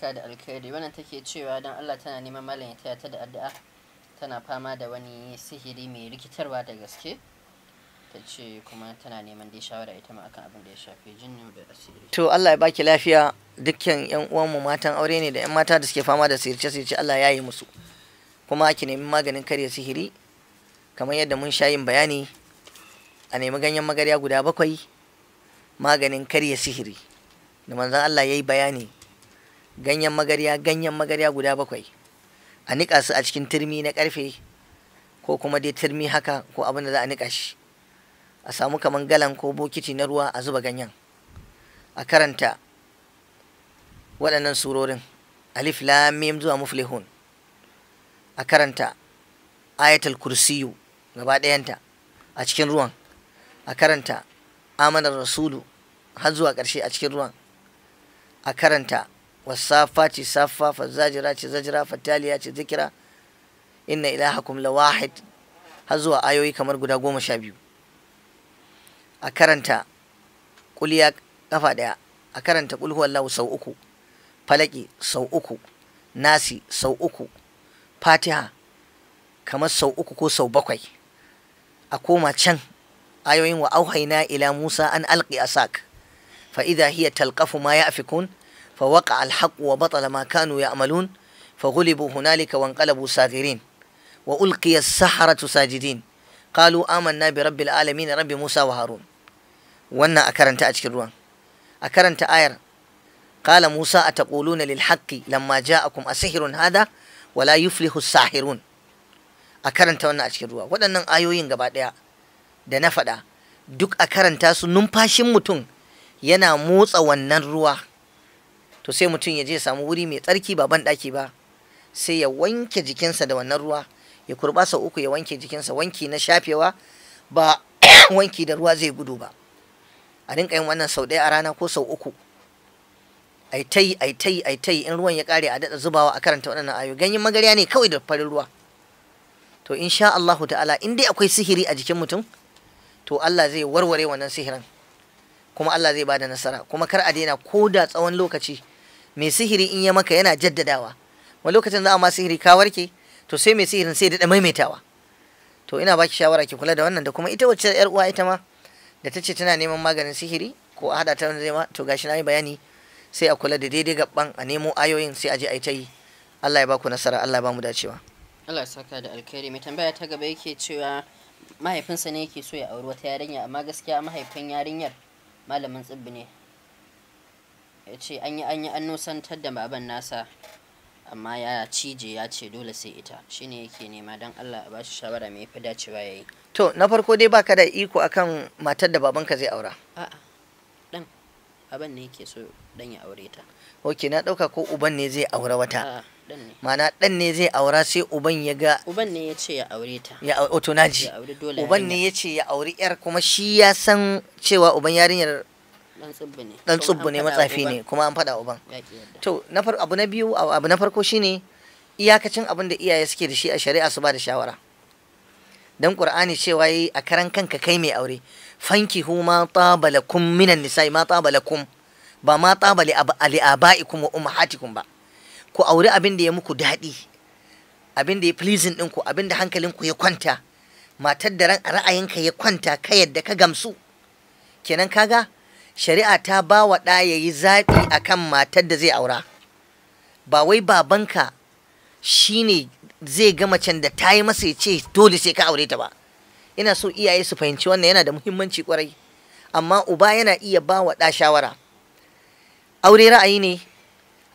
ka da alkhairi wannan take cewa don Allah tana neman malam ya taya ta da addu'a tana fama da wani sihiri mai rikitarwa da gaske ta ce kuma tana neman dai shawara ita ma akan abin da ya shafi jinnu da asiri to Allah ya baki lafiya dukkan yan mu matan aure ne da yan mata da suke fama da sihirce sihirce Allah ya yi musu kuma ki nemi maganin karya sihiri kamar yadda mun sha yin bayani a nemi ganyen magarya guda bakwai maganin karya sihiri da manzon Allah ya yi bayani ganyen magarya ganyen magarya guda bakwai a niƙa su a cikin turmi na karfe ko kuma dai turmi haka ko abin da za a niƙa shi a samu kamar galan ko bokiti na ruwa a zuba ganyen a karanta waɗannan surorin alif lam mim zuwa muflihun a karanta ayatul kursiyu gaba ɗayanta a cikin ruwan a karanta amanar rasulu har zuwa ƙarshe a cikin ruwan a karanta wasafa ce safa fa zajira ce zajira fa taliya ce zikira inna ilahakum la wahid har zuwa ayoyi kamar guda goma sha biyu a karanta kuliya kafa daya a karanta kulhu wallahu sau uku falaki sau uku nasi sau uku fatiha kamar sau uku ko sau bakwai a koma can ayoyin wa auhaina ila musa an alqi asak fa idha hiya talqafu ma ya'fikun فوقع الحق وبطل ما كانوا يعملون فغلبوا هنالك وانقلبوا ساغرين وألقي السحرة ساجدين قالوا آمنا برب العالمين رب موسى وهارون وانا أكرنت أجكروان أكرنت آير قال موسى أتقولون للحق لما جاءكم أسحر هذا ولا يفلح الساحرون أكرنت وانا أجكروان وانا آيوين قبعد يا دنفدا دك أكرنتا a karanta su numfashin mutum yana to sai mutum ya je samu wuri mai tsarki ba ban daki ba sai ya wanke jikinsa da wannan ruwa ya kurba sau uku ya wanke jikinsa wanki na shafewa ba wanki da ruwa zai gudu ba a rinka yin wannan sau ɗaya a rana ko sau uku aitai aitai aitai in ruwan ya kare a daɗa zubawa a karanta waɗannan ayo ganyen magarya ne kawai da farin ruwa to insha Allah ta'ala in dai akwai sihiri a jikin mutum to Allah zai warware wannan sihirin kuma Allah zai bada nasara kuma kar a daina ko da tsawon lokaci mai sihiri in ya maka yana jaddadawa wani lokacin za a ma sihiri ka warke to sai mai sihirin sai da maimaitawa to ina baki shawara ki kula da wannan da kuma ita wacce yar uwa ita ma da ta ce tana neman maganin sihiri ko a hada ta wani ma to gashi na yi bayani sai a kula da daidai gaban a nemo ayoyin sai a je a yi ta yi Allah ya baku nasara Allah ya bamu dacewa Allah ya saka da alkhairi mai tambaya ta gaba yake cewa mahaifinsa ne yake so ya auri wata yarinya amma gaskiya mahaifin yarinyar malamin tsibbi ne ya ce an yi an yi an nusantar da baban nasa amma ya cije ya ce dole sai ita shine yake nema don Allah a bashi shawara mai fi dacewa ya yi to na farko dai ba ka da iko akan matar da babanka zai aura a'a dan baban ne yake so dan ya aure ta ok na dauka ko uban ne zai aura wata mana dan ne zai aura sai uban ya ga uban ne ya ce ya aure ta ya auto naji uban ne ya ce ya aure yar kuma shi ya san cewa uban yarinyar dan tsubbu ne matsafi ne kuma an faɗa uban to na farko abu na biyu abu na farko shine iyakacin abin da iyaye suke da shi a shari'a su ba da shawara dan qur'ani cewa yi a karan kanka kai mai aure fanki hu ma tabalakum minan nisa'i ma tabalakum ba ma tabali ali abaikum wa ummahatikum ba ku aure abin da ya muku daɗi abin da ya pleasing ɗinku abin da ku ya kwanta matar da ra'ayinka ya kwanta ka yadda ka gamsu kenan kaga shari'a ta ba wa ɗa ya yi zaɓi a kan matar da zai aura ba wai babanka shi ne zai gama macen da ta yi masa ya ce dole sai ka aure ta ba ina so iyaye su fahimci wannan yana da muhimmanci kwarai amma uba yana iya ba wa ɗa shawara aure ra'ayi ne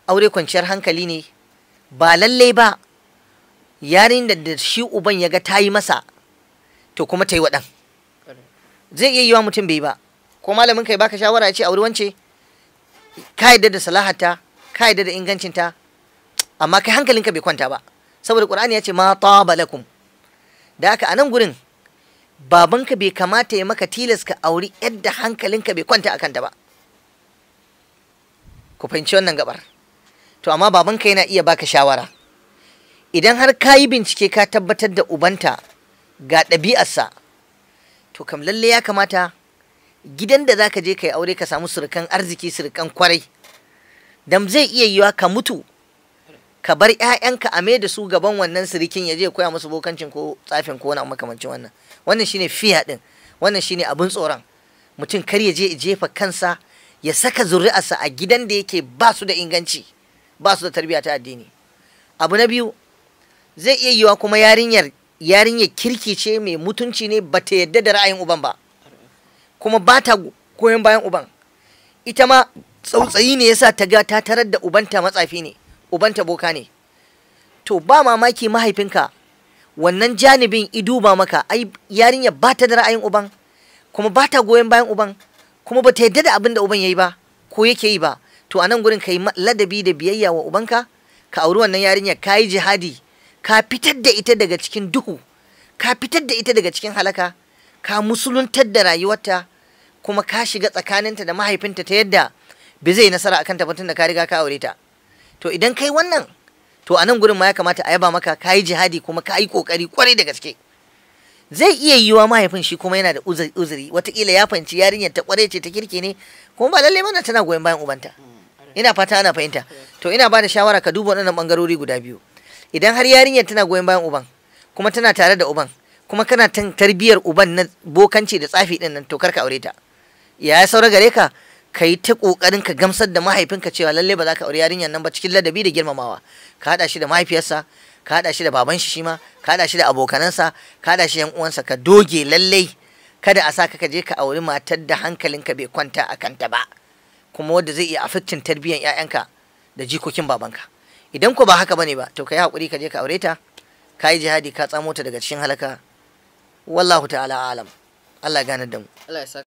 aure kwanciyar hankali ne ba lallai ba yarin da shi uban ya ga ta yi masa to kuma ta yi waɗan zai iya yi wa mutum bai ba ko malamin kai baka shawara ya ce auri wance ka yadda da salahata ka yadda da ingancinta amma kai hankalinka bai kwanta ba saboda qur'ani ya ce ma taba lakum da haka anan nan gurin babanka bai kamata ya maka tilas ka auri yadda hankalinka bai kwanta akan ta ba ku fahimci wannan gabar to amma babanka yana iya baka shawara idan har ka yi bincike ka tabbatar da ubanta ga ɗabi'arsa to kam lalle ya kamata gidan da za ka je ka yi aure ka samu surukan arziki surukan kwarai dam zai iya yiwa ka mutu ka bar 'ya'yanka a me da su gaban wannan sirikin ya je koya musu bokancin ko tsafin ko wani makamancin wannan wannan shine fiya din wannan shine abin tsoron mutum kar ya je jefa kansa ya saka zuri'arsa a gidan da yake ba su da inganci ba su da tarbiyya ta addini abu na biyu zai iya yiwa kuma yarinyar yarinyar kirki ce mai mutunci ne bata yadda da ra'ayin uban ba kuma ba ta goyon bayan uban ita ma tsautsayi ne yasa ta ga ta tarar da ubanta matsafi ne ubanta boka ne to ba mamaki mahaifinka wannan janibin ba maka ai yarinya ba ta da ra'ayin uban kuma ba ta goyon bayan uban kuma ba ta yadda da abin da uban yayi ba ko yake yi ba to a nan gurin ka yi ladabi da biyayya wa ubanka ka auri wannan yarinya ka yi jihadi ka fitar da ita daga cikin duhu ka fitar da ita daga cikin halaka ka musuluntar da rayuwarta kuma ka shiga tsakaninta da mahaifinta ta yadda bi zai nasara akan ta da ka riga ka aure ta to idan kai wannan to a nan gurin ma ya kamata a yaba maka ka yi jihadi kuma ka yi kokari kwarai da gaske zai iya yiwa mahaifin shi kuma yana da uzuri watakila ya fahimci yarinyar ta kwarai ce ta kirki ne kuma ba lallai mana tana goyon bayan ubanta ina fata ana fahimta to ina bada shawara ka duba waɗannan bangarori guda biyu idan har yarinyar tana goyon bayan uban kuma tana tare da uban kuma kana tarbiyar uban na bokanci da tsafi din nan to kar ka aure ta ya saura gare ka ka yi ta ƙoƙarin ka gamsar da mahaifinka cewa lalle ba za ka auri yarinyar nan ba cikin ladabi da girmamawa ka haɗa shi da mahaifiyarsa ka haɗa shi da baban shi shima ka haɗa shi da abokanansa ka haɗa shi yan uwansa ka doge lallai kada a saka ka je ka auri matar da hankalinka bai kwanta a kanta ba kuma wanda zai iya afittin tarbiyyar 'ya'yanka da jikokin babanka idan ko ba haka bane ba to ka yi haƙuri ka je ka aure ta ka yi jihadi ka tsamo ta daga cikin halaka wallahu ta'ala alam Allah gane da mu